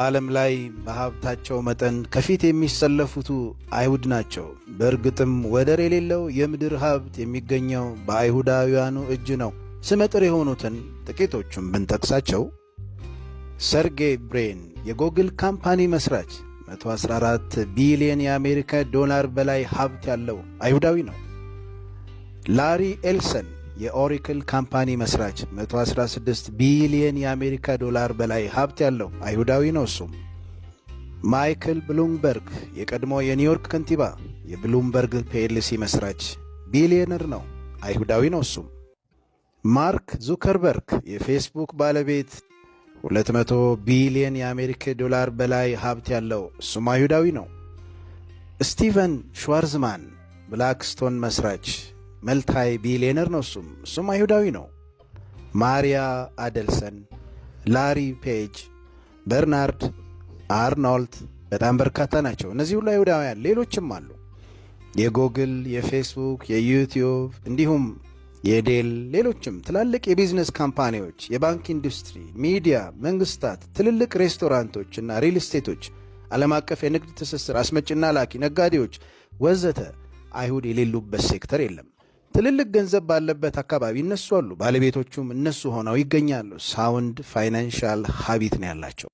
በዓለም ላይ በሀብታቸው መጠን ከፊት የሚሰለፉቱ አይሁድ ናቸው። በእርግጥም ወደር የሌለው የምድር ሀብት የሚገኘው በአይሁዳውያኑ እጅ ነው። ስመጥር የሆኑትን ጥቂቶቹን ብንጠቅሳቸው ሰርጌይ ብሬን የጎግል ካምፓኒ መስራች 114 ቢሊየን የአሜሪካ ዶላር በላይ ሀብት ያለው አይሁዳዊ ነው። ላሪ ኤልሰን የኦሪክል ካምፓኒ መስራች 116 ቢሊየን የአሜሪካ ዶላር በላይ ሀብት ያለው አይሁዳዊ ነው። እሱም ማይክል ብሉምበርግ የቀድሞ የኒውዮርክ ከንቲባ፣ የብሉምበርግ ፒኤልሲ መስራች ቢሊየነር ነው። አይሁዳዊ ነው። እሱም ማርክ ዙከርበርግ የፌስቡክ ባለቤት 200 ቢሊየን የአሜሪካ ዶላር በላይ ሀብት ያለው እሱም አይሁዳዊ ነው። ስቲቨን ሽዋርዝማን ብላክስቶን መስራች መልታይ ቢሊዮነር ነው። እሱም እሱም አይሁዳዊ ነው። ማሪያ አደልሰን፣ ላሪ ፔጅ፣ በርናርድ አርኖልት በጣም በርካታ ናቸው። እነዚህ ሁሉ አይሁዳውያን፣ ሌሎችም አሉ። የጎግል፣ የፌስቡክ፣ የዩቲዩብ እንዲሁም የዴል ሌሎችም ትላልቅ የቢዝነስ ካምፓኒዎች፣ የባንክ ኢንዱስትሪ፣ ሚዲያ፣ መንግስታት፣ ትልልቅ ሬስቶራንቶች እና ሪል ስቴቶች፣ ዓለም አቀፍ የንግድ ትስስር፣ አስመጭና ላኪ ነጋዴዎች ወዘተ አይሁድ የሌሉበት ሴክተር የለም። ትልልቅ ገንዘብ ባለበት አካባቢ እነሱ አሉ፣ ባለቤቶቹም እነሱ ሆነው ይገኛሉ። ሳውንድ ፋይናንሻል ሀቢት ነው ያላቸው።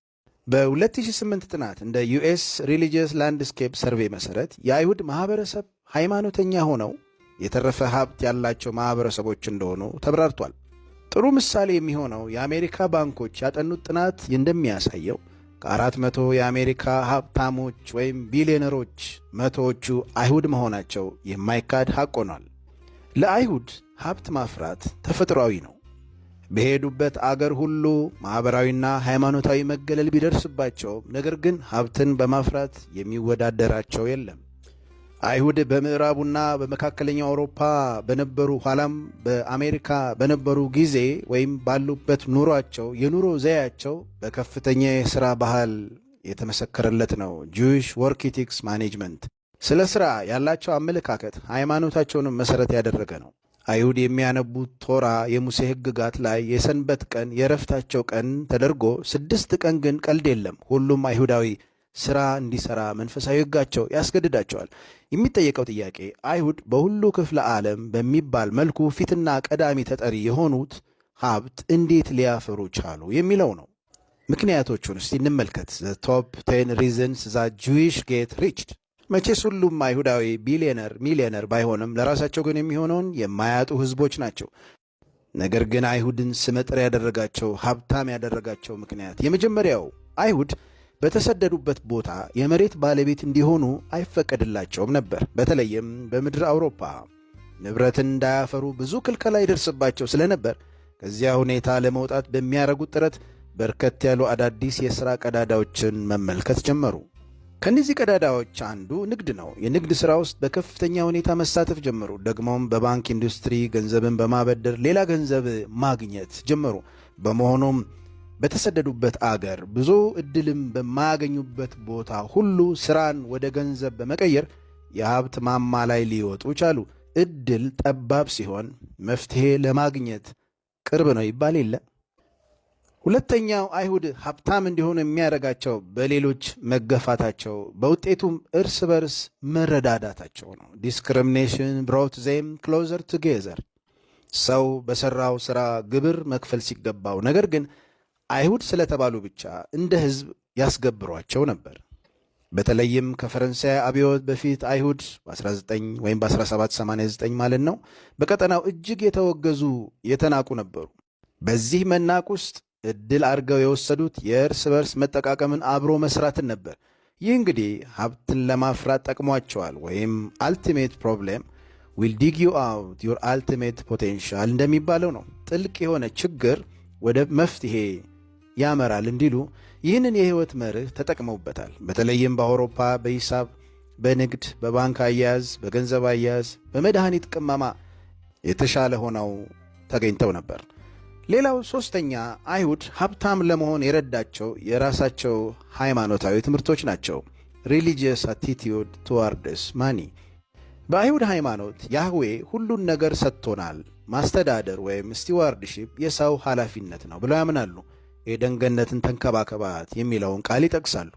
በ2008 ጥናት እንደ ዩኤስ ሪሊጂየስ ላንድስኬፕ ሰርቬይ መሰረት የአይሁድ ማህበረሰብ ሃይማኖተኛ ሆነው የተረፈ ሀብት ያላቸው ማህበረሰቦች እንደሆኑ ተብራርቷል። ጥሩ ምሳሌ የሚሆነው የአሜሪካ ባንኮች ያጠኑት ጥናት እንደሚያሳየው ከአራት መቶ የአሜሪካ ሀብታሞች ወይም ቢሊዮነሮች መቶዎቹ አይሁድ መሆናቸው የማይካድ ሀቅ ሆኗል። ለአይሁድ ሀብት ማፍራት ተፈጥሯዊ ነው። በሄዱበት አገር ሁሉ ማኅበራዊና ሃይማኖታዊ መገለል ቢደርስባቸውም ነገር ግን ሀብትን በማፍራት የሚወዳደራቸው የለም። አይሁድ በምዕራቡና በመካከለኛው አውሮፓ በነበሩ ኋላም በአሜሪካ በነበሩ ጊዜ ወይም ባሉበት ኑሯቸው የኑሮ ዘያቸው በከፍተኛ የሥራ ባህል የተመሰከረለት ነው። ጁዊሽ ወርክ ኢቲክስ ማኔጅመንት ስለ ስራ ያላቸው አመለካከት ሃይማኖታቸውንም መሰረት ያደረገ ነው። አይሁድ የሚያነቡት ቶራ የሙሴ ሕግጋት ላይ የሰንበት ቀን የእረፍታቸው ቀን ተደርጎ ስድስት ቀን ግን ቀልድ የለም። ሁሉም አይሁዳዊ ስራ እንዲሰራ መንፈሳዊ ሕጋቸው ያስገድዳቸዋል። የሚጠየቀው ጥያቄ አይሁድ በሁሉ ክፍለ ዓለም በሚባል መልኩ ፊትና ቀዳሚ ተጠሪ የሆኑት ሀብት እንዴት ሊያፈሩ ቻሉ የሚለው ነው። ምክንያቶቹን እስቲ እንመልከት። ቶፕ ቴን ሪዝንስ ዛ ጁዊሽ ጌት ሪችድ መቼስ ሁሉም አይሁዳዊ ቢሊዮነር ሚሊዮነር ባይሆንም ለራሳቸው ግን የሚሆነውን የማያጡ ህዝቦች ናቸው። ነገር ግን አይሁድን ስመጥር ያደረጋቸው ሀብታም ያደረጋቸው ምክንያት የመጀመሪያው አይሁድ በተሰደዱበት ቦታ የመሬት ባለቤት እንዲሆኑ አይፈቀድላቸውም ነበር። በተለይም በምድር አውሮፓ ንብረትን እንዳያፈሩ ብዙ ክልከላ ይደርስባቸው ስለነበር ከዚያ ሁኔታ ለመውጣት በሚያደርጉት ጥረት በርከት ያሉ አዳዲስ የሥራ ቀዳዳዎችን መመልከት ጀመሩ። ከእነዚህ ቀዳዳዎች አንዱ ንግድ ነው። የንግድ ስራ ውስጥ በከፍተኛ ሁኔታ መሳተፍ ጀመሩ። ደግሞም በባንክ ኢንዱስትሪ ገንዘብን በማበደር ሌላ ገንዘብ ማግኘት ጀመሩ። በመሆኑም በተሰደዱበት አገር ብዙ እድልም በማያገኙበት ቦታ ሁሉ ስራን ወደ ገንዘብ በመቀየር የሀብት ማማ ላይ ሊወጡ ቻሉ። እድል ጠባብ ሲሆን መፍትሄ ለማግኘት ቅርብ ነው ይባል የለም። ሁለተኛው አይሁድ ሀብታም እንዲሆኑ የሚያደርጋቸው በሌሎች መገፋታቸው በውጤቱም እርስ በርስ መረዳዳታቸው ነው። ዲስክሪሚኔሽን ብሮት ዜም ክሎዘር ቱጌዘር ሰው በሰራው ስራ ግብር መክፈል ሲገባው፣ ነገር ግን አይሁድ ስለተባሉ ብቻ እንደ ህዝብ ያስገብሯቸው ነበር። በተለይም ከፈረንሳይ አብዮት በፊት አይሁድ በ19 ወይም በ1789 ማለት ነው በቀጠናው እጅግ የተወገዙ የተናቁ ነበሩ። በዚህ መናቅ ውስጥ እድል አድርገው የወሰዱት የእርስ በርስ መጠቃቀምን አብሮ መስራትን ነበር። ይህ እንግዲህ ሀብትን ለማፍራት ጠቅሟቸዋል ወይም አልቲሜት ፕሮብሌም ዊል ዲግ ዩ አውት ዩር አልቲሜት ፖቴንሻል እንደሚባለው ነው። ጥልቅ የሆነ ችግር ወደ መፍትሄ ያመራል እንዲሉ ይህንን የህይወት መርህ ተጠቅመውበታል። በተለይም በአውሮፓ በሂሳብ፣ በንግድ፣ በባንክ አያያዝ፣ በገንዘብ አያያዝ፣ በመድኃኒት ቅመማ የተሻለ ሆነው ተገኝተው ነበር። ሌላው ሶስተኛ አይሁድ ሀብታም ለመሆን የረዳቸው የራሳቸው ሃይማኖታዊ ትምህርቶች ናቸው። ሪሊጂየስ አቲቲዩድ ቱዋርድስ ማኒ በአይሁድ ሃይማኖት ያህዌ ሁሉን ነገር ሰጥቶናል፣ ማስተዳደር ወይም ስቲዋርድሺፕ የሰው ኃላፊነት ነው ብለው ያምናሉ። ኤደን ገነትን ተንከባከባት የሚለውን ቃል ይጠቅሳሉ።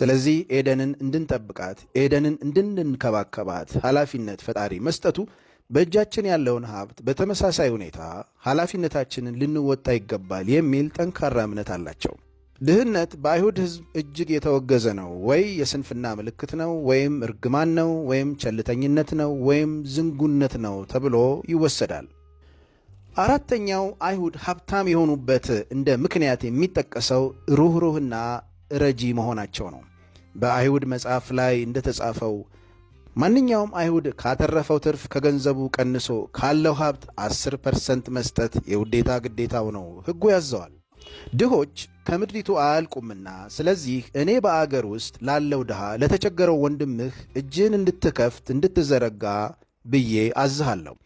ስለዚህ ኤደንን እንድንጠብቃት፣ ኤደንን እንድንንከባከባት ኃላፊነት ፈጣሪ መስጠቱ በእጃችን ያለውን ሀብት በተመሳሳይ ሁኔታ ኃላፊነታችንን ልንወጣ ይገባል የሚል ጠንካራ እምነት አላቸው። ድህነት በአይሁድ ሕዝብ እጅግ የተወገዘ ነው። ወይ የስንፍና ምልክት ነው፣ ወይም እርግማን ነው፣ ወይም ቸልተኝነት ነው፣ ወይም ዝንጉነት ነው ተብሎ ይወሰዳል። አራተኛው አይሁድ ሀብታም የሆኑበት እንደ ምክንያት የሚጠቀሰው ሩኅሩህና ረጂ መሆናቸው ነው። በአይሁድ መጽሐፍ ላይ እንደተጻፈው ማንኛውም አይሁድ ካተረፈው ትርፍ ከገንዘቡ ቀንሶ ካለው ሀብት 10 ፐርሰንት መስጠት የውዴታ ግዴታው ነው፣ ሕጉ ያዘዋል። ድሆች ከምድሪቱ አያልቁምና፣ ስለዚህ እኔ በአገር ውስጥ ላለው ድሃ ለተቸገረው ወንድምህ እጅህን እንድትከፍት እንድትዘረጋ ብዬ አዝሃለሁ።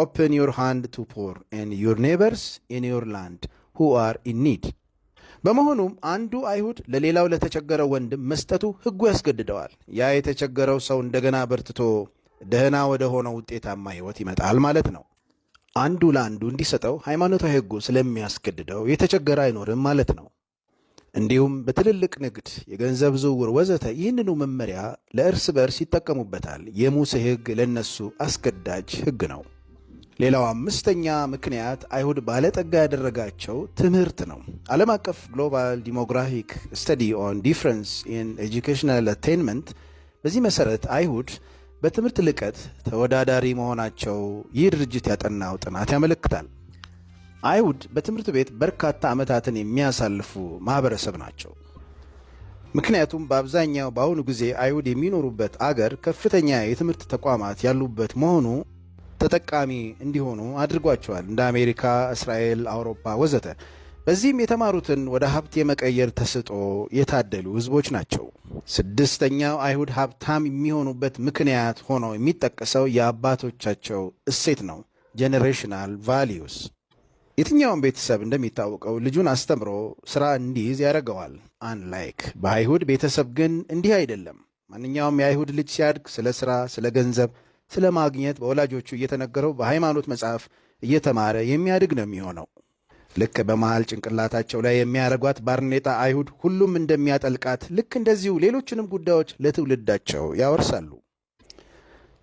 ኦፕን ዮር ሃንድ ቱ ፖር ኤንድ ዮር ኔበርስ ኢን ዮር ላንድ ሁ አር ኢን ኒድ በመሆኑም አንዱ አይሁድ ለሌላው ለተቸገረው ወንድም መስጠቱ ሕጉ ያስገድደዋል። ያ የተቸገረው ሰው እንደገና በርትቶ ደህና ወደ ሆነው ውጤታማ ሕይወት ይመጣል ማለት ነው። አንዱ ለአንዱ እንዲሰጠው ሃይማኖታዊ ሕጉ ስለሚያስገድደው የተቸገረ አይኖርም ማለት ነው። እንዲሁም በትልልቅ ንግድ፣ የገንዘብ ዝውውር ወዘተ ይህንኑ መመሪያ ለእርስ በእርስ ይጠቀሙበታል። የሙሴ ሕግ ለእነሱ አስገዳጅ ሕግ ነው። ሌላው አምስተኛ ምክንያት አይሁድ ባለጠጋ ያደረጋቸው ትምህርት ነው። ዓለም አቀፍ ግሎባል ዲሞግራፊክ ስተዲ ኦን ዲፍረንስ ኢን ኤጁኬሽናል አቴንመንት በዚህ መሰረት አይሁድ በትምህርት ልቀት ተወዳዳሪ መሆናቸው ይህ ድርጅት ያጠናው ጥናት ያመለክታል። አይሁድ በትምህርት ቤት በርካታ ዓመታትን የሚያሳልፉ ማህበረሰብ ናቸው። ምክንያቱም በአብዛኛው በአሁኑ ጊዜ አይሁድ የሚኖሩበት አገር ከፍተኛ የትምህርት ተቋማት ያሉበት መሆኑ ተጠቃሚ እንዲሆኑ አድርጓቸዋል። እንደ አሜሪካ፣ እስራኤል፣ አውሮፓ ወዘተ። በዚህም የተማሩትን ወደ ሀብት የመቀየር ተስጦ የታደሉ ህዝቦች ናቸው። ስድስተኛው አይሁድ ሀብታም የሚሆኑበት ምክንያት ሆኖ የሚጠቀሰው የአባቶቻቸው እሴት ነው፣ ጄኔሬሽናል ቫሊዩስ። የትኛውን ቤተሰብ እንደሚታወቀው ልጁን አስተምሮ ስራ እንዲይዝ ያደርገዋል። አንላይክ በአይሁድ ቤተሰብ ግን እንዲህ አይደለም። ማንኛውም የአይሁድ ልጅ ሲያድግ ስለ ስራ፣ ስለ ገንዘብ ስለ ማግኘት በወላጆቹ እየተነገረው በሃይማኖት መጽሐፍ እየተማረ የሚያድግ ነው የሚሆነው። ልክ በመሃል ጭንቅላታቸው ላይ የሚያረጓት ባርኔጣ አይሁድ ሁሉም እንደሚያጠልቃት ልክ እንደዚሁ ሌሎችንም ጉዳዮች ለትውልዳቸው ያወርሳሉ።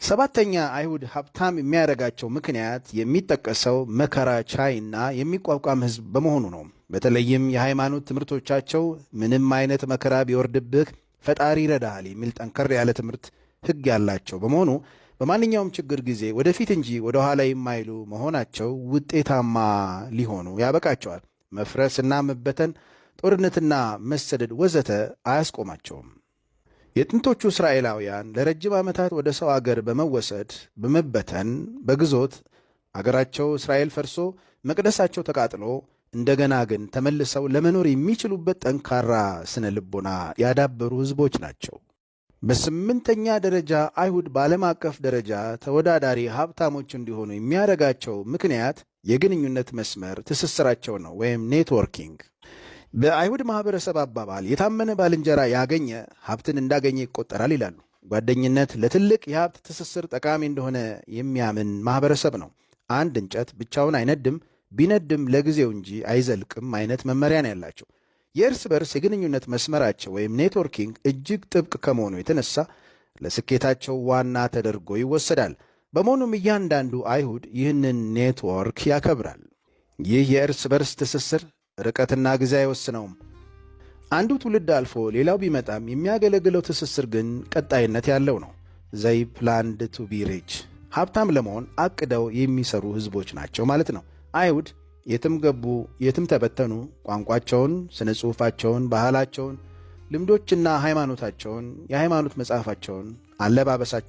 ሰባተኛ አይሁድ ሀብታም የሚያደርጋቸው ምክንያት የሚጠቀሰው መከራ ቻይና የሚቋቋም ሕዝብ በመሆኑ ነው። በተለይም የሃይማኖት ትምህርቶቻቸው ምንም አይነት መከራ ቢወርድብህ ፈጣሪ ይረዳሃል የሚል ጠንከር ያለ ትምህርት ሕግ ያላቸው በመሆኑ በማንኛውም ችግር ጊዜ ወደፊት እንጂ ወደ ኋላ የማይሉ መሆናቸው ውጤታማ ሊሆኑ ያበቃቸዋል። መፍረስና መበተን፣ ጦርነትና መሰደድ ወዘተ አያስቆማቸውም። የጥንቶቹ እስራኤላውያን ለረጅም ዓመታት ወደ ሰው አገር በመወሰድ በመበተን፣ በግዞት አገራቸው እስራኤል ፈርሶ መቅደሳቸው ተቃጥሎ እንደገና ግን ተመልሰው ለመኖር የሚችሉበት ጠንካራ ስነ ልቦና ያዳበሩ ሕዝቦች ናቸው። በስምንተኛ ደረጃ አይሁድ በዓለም አቀፍ ደረጃ ተወዳዳሪ ሀብታሞች እንዲሆኑ የሚያደርጋቸው ምክንያት የግንኙነት መስመር ትስስራቸው ነው ወይም ኔትወርኪንግ። በአይሁድ ማህበረሰብ አባባል የታመነ ባልንጀራ ያገኘ ሀብትን እንዳገኘ ይቆጠራል ይላሉ። ጓደኝነት ለትልቅ የሀብት ትስስር ጠቃሚ እንደሆነ የሚያምን ማህበረሰብ ነው። አንድ እንጨት ብቻውን አይነድም፣ ቢነድም ለጊዜው እንጂ አይዘልቅም አይነት መመሪያ ነው ያላቸው። የእርስ በርስ የግንኙነት መስመራቸው ወይም ኔትወርኪንግ እጅግ ጥብቅ ከመሆኑ የተነሳ ለስኬታቸው ዋና ተደርጎ ይወሰዳል። በመሆኑም እያንዳንዱ አይሁድ ይህንን ኔትወርክ ያከብራል። ይህ የእርስ በርስ ትስስር ርቀትና ጊዜ አይወስነውም። አንዱ ትውልድ አልፎ ሌላው ቢመጣም የሚያገለግለው ትስስር ግን ቀጣይነት ያለው ነው። ዘይ ፕላንድ ቱ ቢ ሪች፣ ሀብታም ለመሆን አቅደው የሚሰሩ ህዝቦች ናቸው ማለት ነው አይሁድ የትም ገቡ፣ የትም ተበተኑ። ቋንቋቸውን፣ ስነ ጽሑፋቸውን፣ ባህላቸውን፣ ልምዶችና ሃይማኖታቸውን፣ የሃይማኖት መጽሐፋቸውን፣ አለባበሳቸው